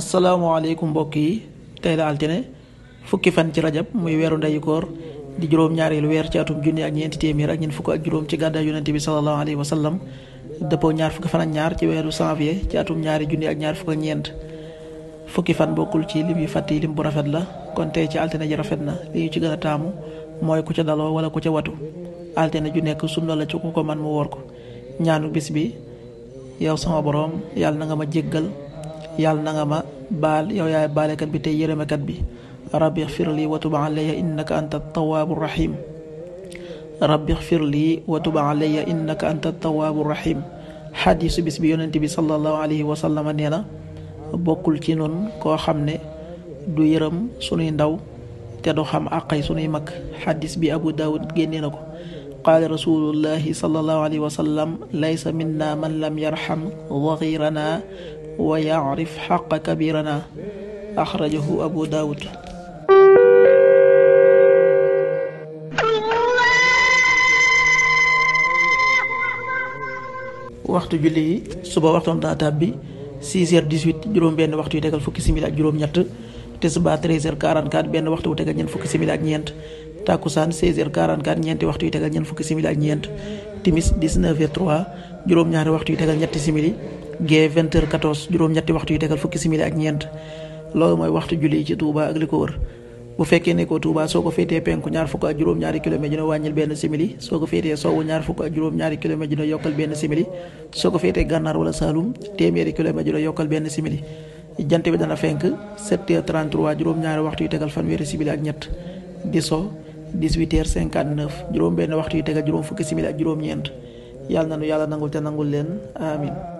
asalaamaaleykum mbokk yi tey la altine fukki fan ci rajab muy weeru ndeyu koor di juróom-ñaareelu weer ci atum junni ak ñeenti téeméer ak ñeent fukk ak juróom ci gàddaay yonente bi salallahu alayhi wa sallam dëppoo ñaar fukki fan ak ñaar ci weeru janvier ci atum ñaari junni ak ñaar fukk ñeent fukki fan bokkul ci lim yu fàtt yi lim bu rafet la kon tey ci altine ji rafet na li ñu ci gën a mooy ku ca daloo wala ku ca watu altine ju nekk sunna la ci ku ko man mu woor ko ñaanu bis bi yow sama boroom yàlla na nga ma jéggal yàlla na nga ma baal yow yaay baalekat bi tey yërëmekat bi rabbi xfir lii wa tub alayya innaka anta tawaabu rahim rabbi xfir lii wa tub alayya innaka anta tawaabu rahim xadiisu bis bi bi sallallahu alayhi wa sallam nee na bokkul ci noonu koo xam ne du yërëm sunuy ndaw te du xam àqay sunuy mag xadiis bi abu daawud génnee na ko qaala rasulullahi sallallahu alayhi wa sallam laysa minna man lam yarham daghirana wa yarif xaqa kabirana bi abu daawud waxtu julli yi suba waxtoom daa tàbbi 6 benn waxtu yu tegal fukki simili ak juróom ñett tisbaar benn waxtu wu tegal ñeent fukki ak ñeent takkusaan 16h44 ñeenti waxtu yu tegal ñeent fukki simili ak ñeent timis 19h03 juróom-ñaari waxtu yu tegal ñetti simili gee 20h14 juróom-ñetti waxtu yu tegal fukki simili ak ñeent loolu mooy waxtu julli ci Touba ak li ko wër bu fekkee ne ko Touba soo ko féetee penku ñaar fukk ak juróom-ñaari kilomètre juróom-ñaari kilomètre dina yokkal benn simili soo ko féetee gànnaar wala Saalum téeméeri kilomètre juróom-ñaari waxtu yu tegal fanweeri simili ak ñett di so dix-huit heures cinquante-neuf juróom benn waxtu yu tegal juróom fukki simili ak juróom-ñeent yàlla na nu yàlla nangul te nangul leen amin